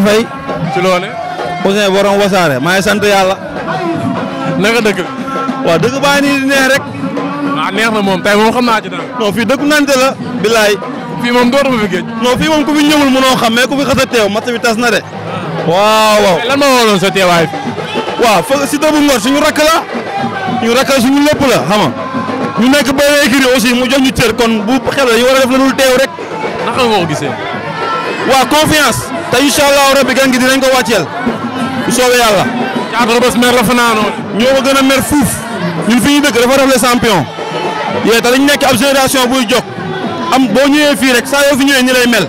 lay fay. ci loone Ousseyn borom wasaare maa ngi sant yàlla. naka dëkk. waaw dëkk baa nii di neex rek. waaw ah, neex na moom tey moom xam naa ci dara. non fii dëkk nante la. bilaay. fii moom dootuma fi géej. non fii moom ku fi ñëwul mënoo xam mais ku fi xas a teew mat bi tas na de. waaw waaw lan ma woonoon sa teewaay fi. waaw fa si dëgg ngor suñu rakk la. ñu rakk la suñu lépp la xam ñu nekk ba écurie aussi mu jox ñu cër kon bu xel la ñu war a def la teew rek. naka nga ko gisee. waaw confiance. te incha allahu rabi gan dinañ ko wàcceel bu soobee yàlla. Thiatou Rebeuss mer la fanaanoo. ñoo ko gën a mer fuuf ñun fi ñu dëkk dafa rafle champion. yee te dañ nekk ab génération buy jog am boo ñëwee fii rek saa yoo fi ñëwee ñu lay mel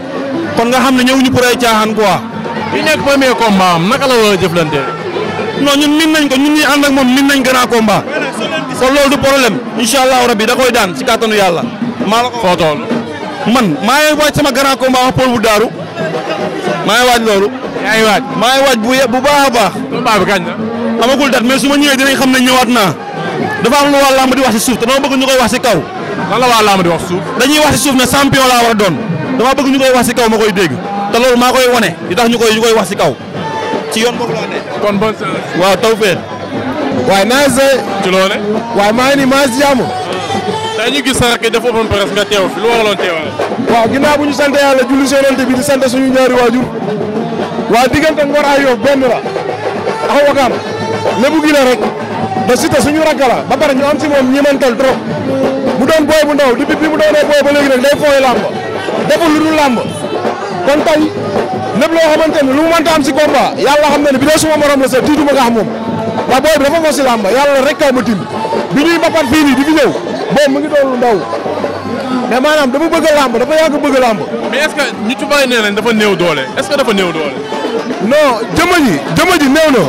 kon nga xam ne ñëwuñu pour ay caaxaan quoi. bi nekk premier combat naka la war a jëflante. non ñun min nañ ko ñun ñuy ànd moom min nañ grand combat. kon loolu du problème incha allahu rabi da koy daan si kàttanu yàlla. maa la ko foo toll man maa ngi waaj loolu. yaa ngi waaj maa ngi waaj bu bu baax a baax. combat bi kañ la. amagul date mais su ma ñëwee dinañ xam ne ñëwaat naa. dafa am lu waa làmb di wax si suuf te dama bëgg ñu koy wax si kaw. lan la waa làmb di wax wax si suuf ne a doon. dama bëgg ñu koy wax si kaw ma koy dégg. te loolu maa koy wane li tax ñu koy ñu koy wax si kaw. ci yoon boobu laa ne. kon bon waaw taw feeñ. waaye naa se. waaye maa ngi nii maa ngi si jàmm dañu gis sa rakk def open press nga teew fi lu waraloon teewal. waaw ginnaaw bu ñu sant yàlla julli seenante bi di sant suñu ñaari waajur waa diggante Ngor ak Yoff benn la ak Wakaam lépp gi la rek da Siteu suñu rakk la ñu am si moom ñimantal trop mu doon booy bu ndaw depuis bi mu doonee booy ba léegi rek day fooy làmb deful lu dul làmb kon tay lépp loo xamante ni lu mu mënta am si combat yàlla xam na ne bi doo suma morom la sax tiitu ma nga xam moom waaw booy bi dafa mos si làmb yàlla rek kaw ma bi ñuy bapat fii boobu mu ngi doon lu ndaw mais maanaam dafa bëgg a làmb dafa yàgg bëgg a làmb. mais est ce que ñu ci bàyyi dafa néew doole est que dafa néew doole. non jëma ji jëma ji néew na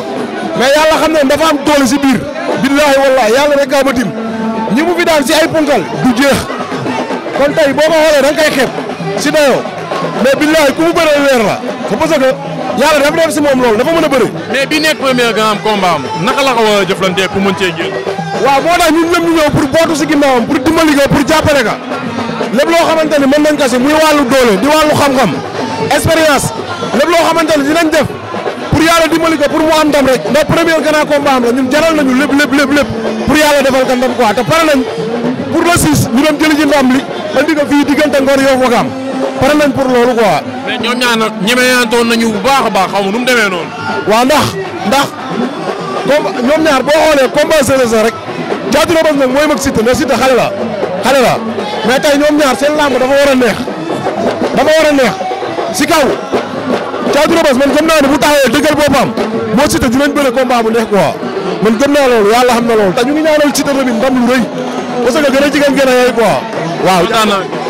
mais yàlla xam ne dafa am doole si biir. billaahi wallaahi yàlla rek kaa ma tim ñi mu fi daan si ay punkal du jeex kon tey boo ko xoolee da nga koy si dayoo mais billaahi ku mu bëree weer la c'est parce que yàlla dafa def si moom loolu dafa mën a bëri. mais bi nekk premier grand combat am naka la ko waaw moo tax ñun ñëpp ñu ñëw pour bootu si ginnaawam pour dimbali ko pour jàppale ka lépp loo xamante ni mën nañ ko si muy wàllu doole di wàllu xam-xam expérience lépp loo xamante ni dinañ def pour yàlla dimbali ko pour mu am ndam rek ndax premier grand combat am la ñun jaral nañu lépp lépp lépp lépp pour yàlla defal ko ndam quoi te pare nañ pour le 6 ñu dem jëli ji ndam li andi ko fii diggante Ngor yow Wakaam pare nañ pour loolu quoi. mais ñoom ñaar bu baax a baax xaw ma mu demee noonu. waaw ndax ndax comme ñoom ñaar boo xoolee combat rek. Thiatou Rebeuss nag mooy mag Siteu mais Siteu xale la xale la mais tey ñoom ñaar seen làmb dafa war a neex dafa war a neex si kaw Thiatou man gëm naa ne bu taxawee dëggal boppam moo Siteu dinañ bëre combat bu neex quoi man gëm naa loolu yàlla xam na loolu te ñu ngi ñaanal Siteu tamit ndam lu rëy parce que gën a jigéen a waaw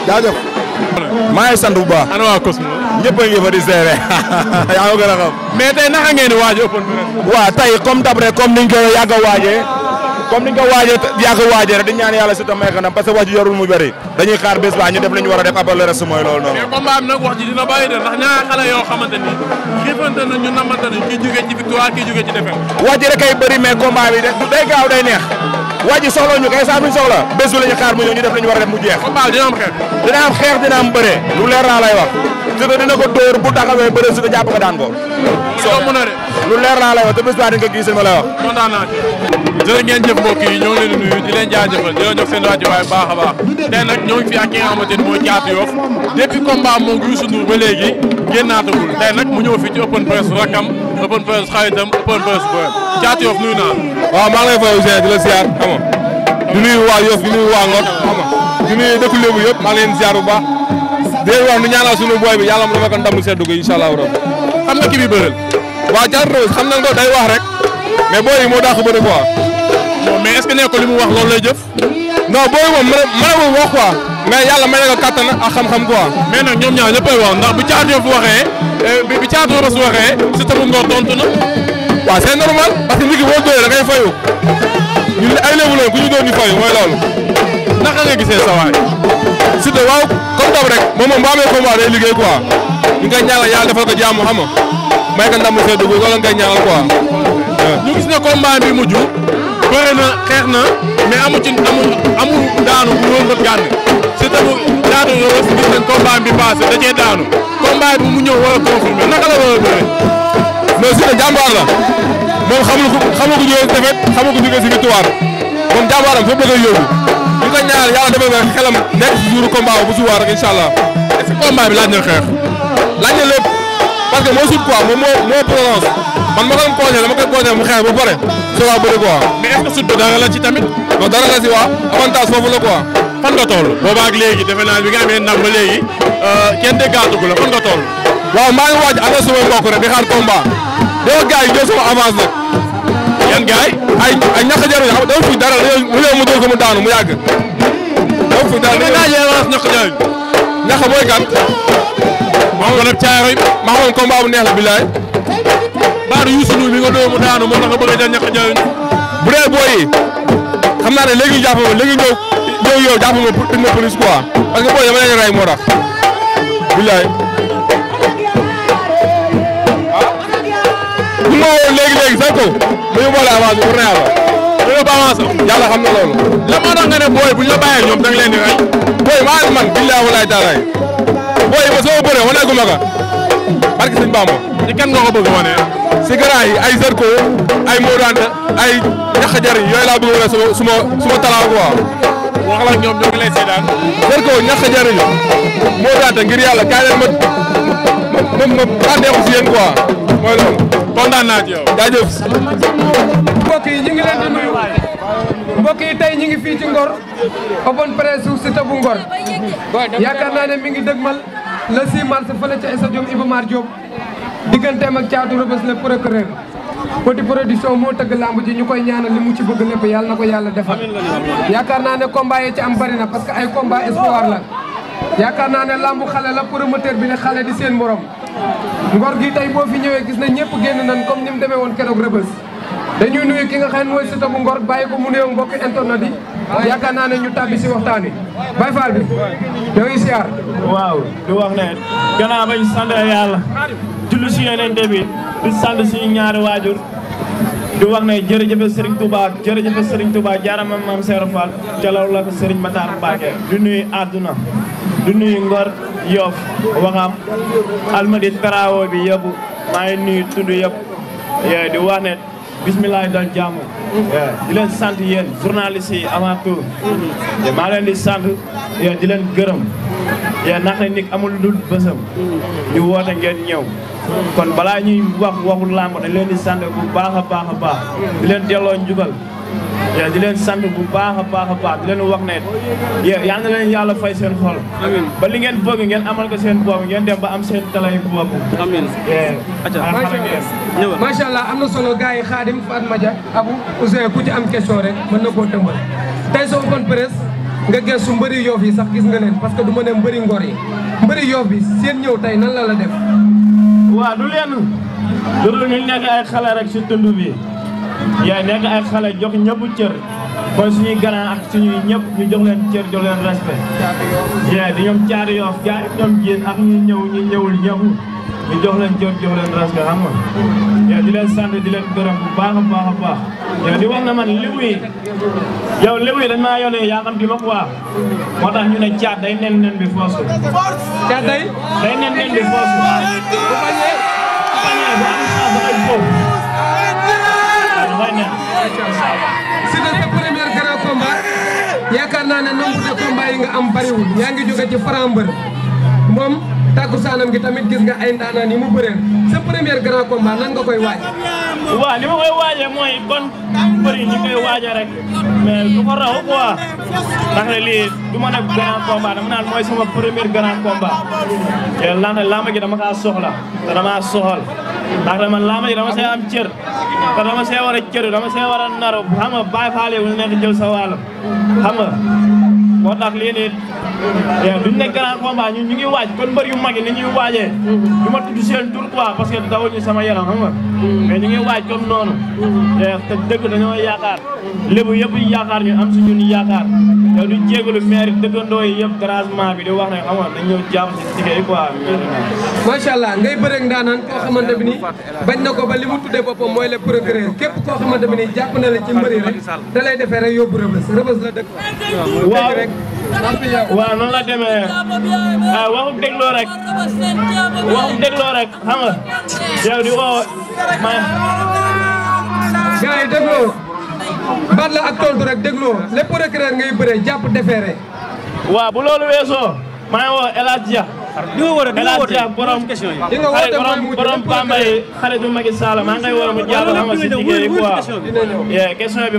jaajëf. sant bu baax. ana waa Cosmo. ñëpp a ngi fa di seere yaa ngi a xam. mais tey naka ngeen comme d'après comme niñ ko yàgg a comme ni nga ko waajee yaa ko waajee di ñaan yàlla Siteu may ko ndam parce que wax ji dañuy xaar bés ba ñu def li ñu war a def après le mooy loolu noonu mais ji dina bàyyi de kay bëri mais combat day gaaw day neex wax ji kay saa bu bés bi la ñu xaar mu ñëw ñu def li ñu war a def mu jeex combat xeex dina am lu leer laa wax Siteu dina ko dóor bu taxawee bëre Siteu jàpp ko daan ko lu leer laa lay wax te bés ba dañ ko gis ma lay wax. kontaan naa jërë ngeen jëf mbokk yi ñoo ngi leen di nuyu di leen jaajëfal di leen jox seen rajo waaye baax a baax tey nag ñoo ngi fi ak ki nga xamante ni mooy Thiatou Yoff depuis combat moom Youssou Ndour ba léegi génnaatagul tey nag mu ñëw fii ci open press rakam open press xaritam open press boy Thiatou Yoff nuyu naa waaw maa ngi lay fay Ousseyn di la ziar xam nga di nuyu waa Yoff di nuyu waa Ngor xam nga di nuyu dëkku Lébu yëpp maa ngi leen ziar bu baax di leen wax nu ñaanal sunu booy bi yàlla mu dama ko ndam lu seddu ko incha allahu rabbi xam na ki bi bëreel waaw Thiatou Rebeuss xam nañ ko day wax rek mais booy moo dàq bëri quoi. mais est ce que nekkul li mu wax loolu a jëf. non booy moom mën na mën wax quoi mais yàlla may na ko kattan ak xam-xam quoi. mais nag ñoom ñaar ñëppay wax ndax bu Thiatou Rebeuss waxee eh, bi Thiatou Rebeuss waxee Siteu bu Ngor tontu na. waaw c' normal parce que nit ki boo fayu ay lébu lañ ku ñu doon fayu mooy loolu. naka nga gisee sa waay. Siteu waaw comme dab rek moom moom bu amee combat day liggéey quoi ñu ngay ñaanal yàlla defal ko jàmm xam may ko ndam see dugub loolu ngay ñaanal quoi. ñu gis ne combat bi mujj bëre na xeex na mais amu ci amul amul daanu bu wóor nga gànn Siteu bu daanu la gis ngeen combat bi passé da cee daanu combat bi mu ñëw war a confirmer naka la war a bëre. mais Siteu jàmbaar la moom xamul xamul ko jógee xamul ko jógee moom jàmbaaram foofu la ko ñaanal yàlla defal nga xelam nekk si jour combat bu suba rek incha allah est ce que combat bi laaj na xeex laaj na lépp parce que moo sut quoi moom moo moo prolonge man ma ko doon kooñee dama koy la ci tamit. non dara la si waa avantage foofu la quoi. fan euh, di xaar combat doo gars yi ñëw sama avance nag. yan gaay ay ay ñax jaru xam dafa fi dara dañoo mu dóor ko mu daanu mu yàgg dafa fi dara dañoo laajee wax ñax jaru ñax mooy kan moom ko nag caaroy maa moom combat bu neex la bilaay baaru Youssou Ndour mi nga dóor mu daanu moo tax nga bëgg a jël ñax jaru bu dee booy yi xam naa ne léegi ñu jàpp ma léegi ñëw ñëw yow jàpp ma pour une police quoi parce que booy dama leen rey moo tax bilaay bu ma woo léegi léegi sax ko a ñu boole avance bi pour ne avance. bu ñu na loolu. la moo tax nga ne booy bu ñu la ñoom da nga leen di rey. booy maa ngi man billaahi walaay taalaay. booy ba soo bëree wane gu ma ko. barke sëñ Bamba. ci kenn nga ko bëgg wane. si grand yi ay Zarko ay Modou Anta ay ñax jariñ yooyu laa bëgg a wane suma suma suma talaa ñoom ñoo ngi lay seetaan. ñax jariñ Modou Anta ngir yàlla kaay ma ma ma ma bànneexu si mooy loolu kontaan naa ci yow jaajëf mbokk yi ñu ngi leen di nuyu mbokk yi tey ñu ngi fii ci Ngor open presse su Siteu bu Ngor yaakaar naa ne mi ngi dëgmal le 6 mars fële ca stadium Iba Mar Diop digganteem ak caatu Rebeuss le procureur moo tëgg lamb ji ñu koy ñaanal li mu ci bëgg lépp yàlla na ko yàlla defal yaakaar naa ne combat yi am bari na parce que ay combat espoir la yaakaar naa ne lamb xale la promoteur bi ne xale di seen morom ngor gii tey boo fi ñëwee gis na ñëpp génn nañ comme ni mu demee woon keroog rëbës dañuy nuyu ki nga xam ne mooy ngor bàyyi ko mu néew mbokki internet yi yaakaar naa ne ñu tàbbi si waxtaan wi Baye Fall bi da ngay siyaar waaw du wax ne gannaaw bañ sant yàlla julli si yeneen bi di sant suñu ñaari waajur di wax ne jërëjëf Serigne Touba jërëjëf Serigne Touba jaarama maam Serigne Fall ca loolu la ko Serigne Matar Mbacke di nuyu àdduna du nuyu Ngor Yoff Waxam almadi Taraawo bi yëpp maa ngi nuyu tudd yëpp eh, di wax ne bisimilah dal jàmm. di leen sant yéen journaliste yi avant tout. Mm-hmm. maa leen di sant eh, di leen gërëm. Eh, ndax ne nit amul dul bësam. Mm-hmm. ñu woote ngeen ñëw. kon balaa ñuy wax waxul làmb dañ leen di sant bu baax a baax a baax. di leen delloo njugal. di leen sant bu baax a baax a baax di leen wax ne yal na leen yàlla fay seen xol ba li ngeen bëgg ngeen amal ko seen bopp ngeen dem ba am seen talay bopp amiin macha allah am na solo gars yi xaadim Fatma Dia Abou Ousseyn ku ci am question rek mën na koo dëmbal tey soo kon presse nga gëstu mbëri yoof yi sax gis nga leen parce que du ma ne mbëri ngor yi mbëri yoof bi seen ñëw tey nan la la def waaw du leen du ñu nekk ay xale rek si tund yaay nekk ay xale jox ñëpp cër kon suñuy grand ak suñuy ñëpp ñu jox leen cër jox leen respect yaay di ñoom caari yoof gaa yi ñoom jéen ak ñu ñëw ñu ñëwul ñëpp ñu jox leen cër jox leen respect xam nga yaay di leen sant di leen gërëm bu baax a baax a baax yow di wax na man liw yi yow liw yi dañ maa yónnee yaa xam di ma quoi moo tax ñu ne caat day nen nen bi foosu caat day day nen nen bi foosu bu bañee bu bañee bu am saa dafay foofu Siteu sa premier grand combat yaakaar naa na nombre de combat yi nga am bariwul yaa ngi jóge ci Franc mbër moom takkusaanam gi tamit gis nga ay ndaanaan yi mu bëreel sa premier grand combat nan nga koy waaj. waaw li ma koy waajee mooy kon bëri ñu koy waajee rek mais du ko raw quoi ne lii du ma nekk grand combat dama naan mooy sama premier grand combat te lan la làmb gi dama kaa soxla dama soxal. ndax a laama ji dama see am cër te dama see war a cër dama see war a naru xam nga bàyyi faale wu nekk jël sa wàll xam moo tax lii nii eh, duñ ne grand combat ñun ñu ngi waaj kon mbër yu mag yi ni ñuy waajee mm-hmm. du ma tudd seen tur quoi parce que dawuñu sama yaram xam nga mm-hmm. mais ñu ngi waaj comme noonu mm-hmm. eh, te dëgg dañoo yaakaar lébu yëpp yaakaar ñu am suñu yaakaar yow du jégalu maire dëkkandoo yi yëpp dérangement bi di wax na xam nga dañ ñëw jàpp si tigé yi quoi macha allah ngay bëreeg ndaanaan koo xamante bi ni bañ na ko ba li mu tuddee boppam mooy le procureur képp koo xamante bi ni jàpp waaw noonu la demee ah waxum dégloo rek waxum dégloo rek xam nga dégloo baat la ak tontu rek dégloo lépp rek ngay bëree jàpp defeere. waaw bu loolu weesoo woo El Hadj di nga woote di nga woote borom question yi. di nga woote borom borom Bambaye xale du Macky Sall maa ngay woote mu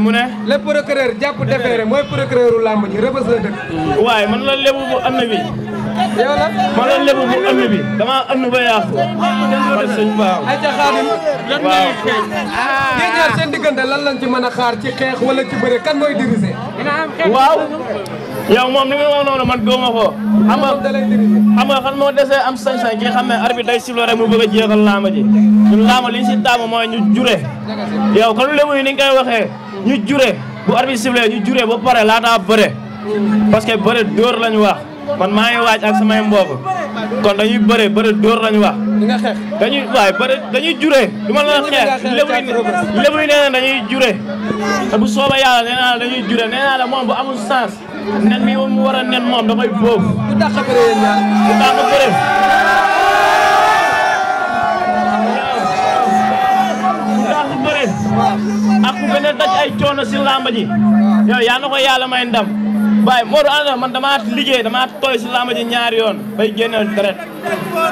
mu ne. le procureur jàpp defeere mooy procureur làmb rëbës la dëkk. waaye man la lébu bu am na man la lébu bu am dama am na ba yàqu. man sëñ Ba. ayca xaadim lan ngay xeex. yéen ñaar seen ci mën a xaar ci xeex wala ci bëre kan mooy waaw. yow moom li muy wax noonu man góoma ko xam nga xam nga xam moo desee am sañ-sañ ki nga xam ne arbitre day siffler rek mu bëgg a jeexal laama ji ñun laama li ñu si taamu mooy ñu jure yow kon lému yi ni nga koy waxee ñu jure bu arbitre siffler ñu jure ba pare laataa bëre parce que bëre dóor lañu wax man maa ngi waaj ak samay mbokk kon dañuy bëre bëre dóor lañu wax dañuy waay bëre dañuy jure du ma la xeex lémuy lémuy nee na dañuy jure te bu soobee yàlla nee naa la dañuy jure nee naa la moom bu amul sens nen mi mu war a nen moom damay boobu. bu dàq bëree yéen ñaar bu dàq bëree. waaw coono si làmb yaa na ko yàlla may ndam. waaye Modou Anta man damaa liggéey damaa tooy si làmb ji ñaari yoon bay génneel deret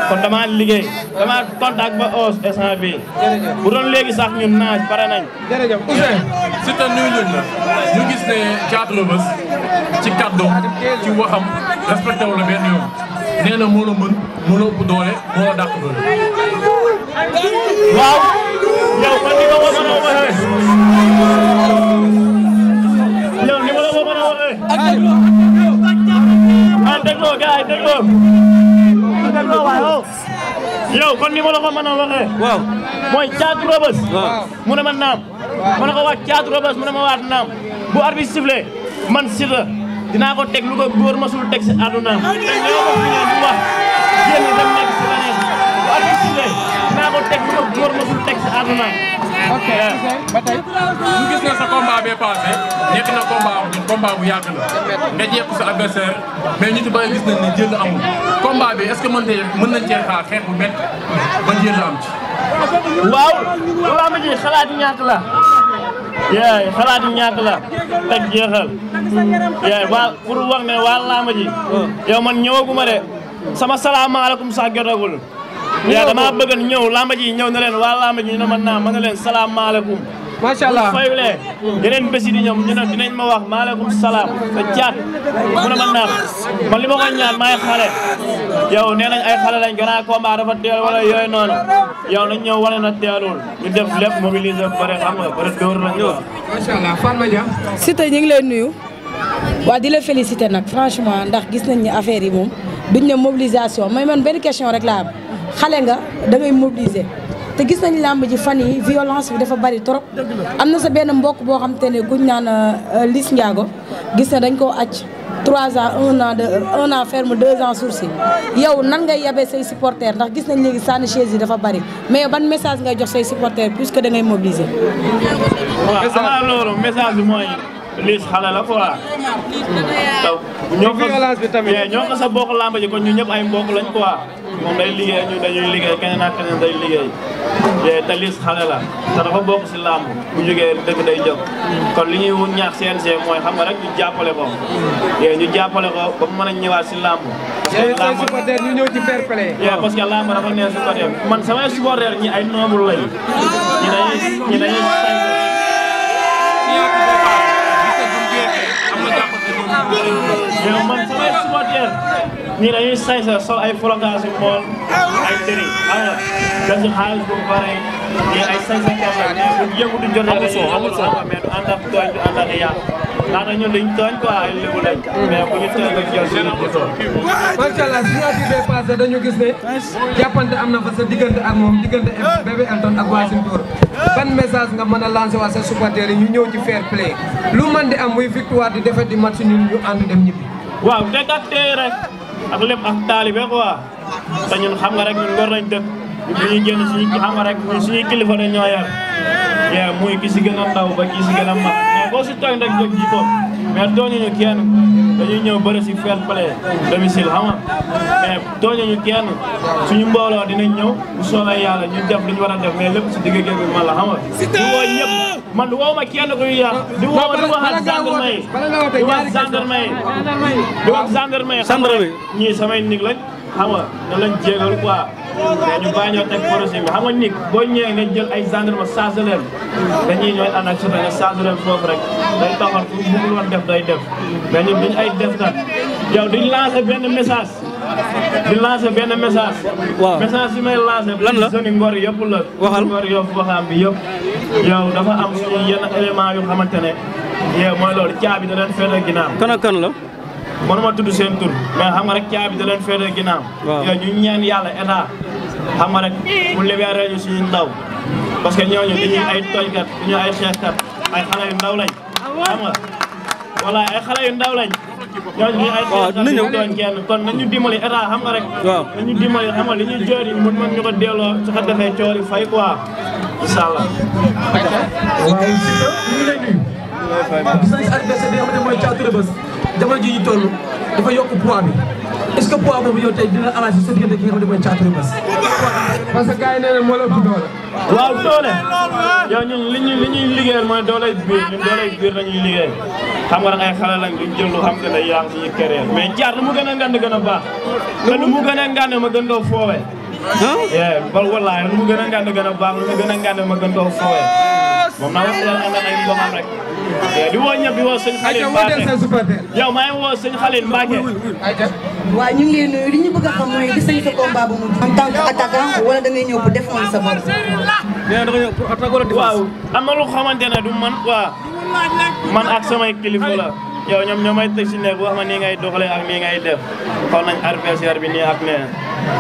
kon damaa liggéey damaa contact ba os instant bi bu doon léegi sax ñun naaj pare nañ. jërëjëf Ousseyn Siteu nuyu ñun ñu gis ne Thiatou Rebeuss ci kàddoom ci waxam respecté wu la benn yoon nee na moo la mën moo la ëpp doole moo la dàq doole. waaw yow man ni ko mos dégloo oh. kon ni ma la ko mën a waxee. waaw mooy caatu Rebeuss. mu ne ma naam. ma ne ko waat caatu Rebeuss mu ne ma waat naam. bu arbitre man Siteu dinaa ko teg ko góor masul teg si àdduna am. tey li ma ko fi ñëw bu baax yéen teg ko góor ma teg si àdduna ok gis na sa combat bee passé nekk na combat nga jekku sa adversaire mais ñu ci bëri gis nañ ne jël amul combat bi ce que mën tee mën nañ cee xaar bu métt ba jël am ci waaw làmb ji xalaat ñàkk la yaay xalaat ñàkk la teg jeexal yaay waa pour wax ne waa làmb oh. man ñëwaguma de sama salaamaaleykum sax jotagul yaa damaa bëgg ñëw lamba ji ñëw na leen waa lamba ji ñu ne ma naa ma ne leen salaamaaleykum macha allah bu fayulee bés yi di ñoom ñu ne ma wax maaleykum salaam te jaat mu ne ma naam man li ma ko ñaan maay xale yow nee nañ ay xale lañ gannaaw combat dafa teel wala yooyu noonu yow nañ ñëw wane na teelul ñu def lépp mobiliser bëri xam nga bëri dóor la ñu wax. macha ñu ngi lay nuyu. waa di la féliciter nag franchement ndax gis nañ ni affaire yi moom duñ ne mobilisation mais benn question rek laa xale nga da ngay mobiliser te gis nañ làmb ji fan yi violence bi dafa bari trop am na sa benn mbokk boo xam te ne kuñ naan euh, Liss Ndiago gis na dañ koo acc trois ans un an de un an ferme deux ans sursis yow nan ngay yabee say supporters ndax gis nañ léegi sànni chaise yi dafa bari mais ban message ngay jox say supporters puisque da ngay mobiliser. waaw a loolu message bi mooy Liss xale la quoi. ñoo ko violence bi tamit ñoo ko sa bokk làmb ji ñu ñëpp ay mbokk lañ quoi. moom day liggéey ñu dañuy liggéey keneen ak keneen day liggéey te lis xale la te dafa si làmb bu jógee dëgg day jóg kon li ñuy ñaax CNG mooy xam nga rek ñu jàppale ko ñu jàppale ko ba mu mën a ñëwaat si làmb supporter ñu ñëw ci fair play parce que làmb dafa neex supporter man samay supporter ñi ay noble lañu ñi dañuy ñi dañuy yow man samay supporter ñii dañuy say sa sol ay sa kese la mais bu yëngu du jot rek dañuy amul sax mais du ànd ak tooñ du dañ tooñ quoi ay lébu lañ ko tooñ. macha allah si at bi dañu gis ne jàppante am na fa sa diggante ak moom diggante bébé Elton ak Wassim Tour ban message nga mën a lancer waa sa supporters yi ñu ñëw ci fair play lu man di am muy victoire di di match ñun ñu ànd rek. ak lépp ak taalibe quoi te ñun xam nga rek ñun ngor lañ dëkk bu ñuy génn suñu xam nga rek suñuy kilifa dañ ñoo yar yaa muy ki si gën a ndaw ba ki si gën a mag mais boo si tooñ rek jóg ji ko mais tooñuñu kenn ñëw bëri si fair play domicile xam nga mais tooñuñu suñu mbooloo dinañ ñëw bu soobee yàlla ñu def li ñu war a def mais lépp si digg bi ma xam nga ñu woo man du wow ma kenn kuy yàq. di wow ma di waxal gendarme yi di wax gendarme yi di wax gendarme yi. samay nit lañ xam nga da lañ jégal quoi. mais ñu bàyyi ñoo teg projet bi xam boo ñëwee nga jël ay gendarme changé leen dañuy ñooy ànd ak su fekkee rek day taxaw pour bu mu def day def mais ñun duñ ay def nag yow di lancer benn message. di lancer benn message. waaw message bi may lancer. lan la zone Ngor yëpp la. waxal Ngor yëpp bi yëpp. yow dafa am yenn élément yu xamante ne yow mooy loolu caabi da leen féete ginnaaw. kan ak kan la. mënuma tudd seen tur mais xam nga rek caabi da leen féete ginnaaw. waaw yow ñu ñaan yàlla état xam nga rek mu libéré ñu suñu ndaw parce que ñooñu dañuy ay tooñkat dañuy ay xeexkat ay xale yu ndaw lañ xam nga voilà ay xale yu ndaw lañ. ñooñu ay xeexkat yu doon kenn kon nañu dimbali état xam nga rek. waaw nañu dimbali xam nga li ñuy joori mën mën ñu ko delloo su ko defee coori fay quoi. incha allah. waaw Siteu ñu ngi lay nuyu. waaw gis nañu si adversaire bi nga xam ne mooy Thiatou Rebeuss jamono ji ñu toll dafa yokk poids bi est-ce que poids boobu yow tey dina arrangé sa diggante ki nga xam ne mooy Thiatou Rebeuss. parce que gars yi nee na moo la ëpp doole. waaw doole yow ñun li ñuy li ñuy liggéeyal mooy doole biir ñun doole biir la ñuy liggéey xam nga nag ay mais jaar lu mu gën a ngand gën a baax te lu mu gën a ngand ma gën koo ah. bal wallaahi lu mu gën a ngand gën a baax lu mu gën a ngand ma gën koo fowe moom naa wax dëgg yàlla ay mboqam rek. di woo ñëpp di woo sëñ Xalil Mbacke yow maa ngi woo sëñ Xalil Mbacke. waaw ñu ngi lay nuyu li ñu bëgg a xam mooy gis nañu sa combat bu mujj. en tant que attaquant wala da ngay ñëw pour défendre sa bopp. nee na da nga ñëw pour attaquer wala défense. waaw am na lu xamante ne du man quoi man ak samay kilifa la. yow ñoom ñoomay teg si nekk wax ma nii ngay doxalee ak nii ngay def xaw nañ adversaire bi nii ak nee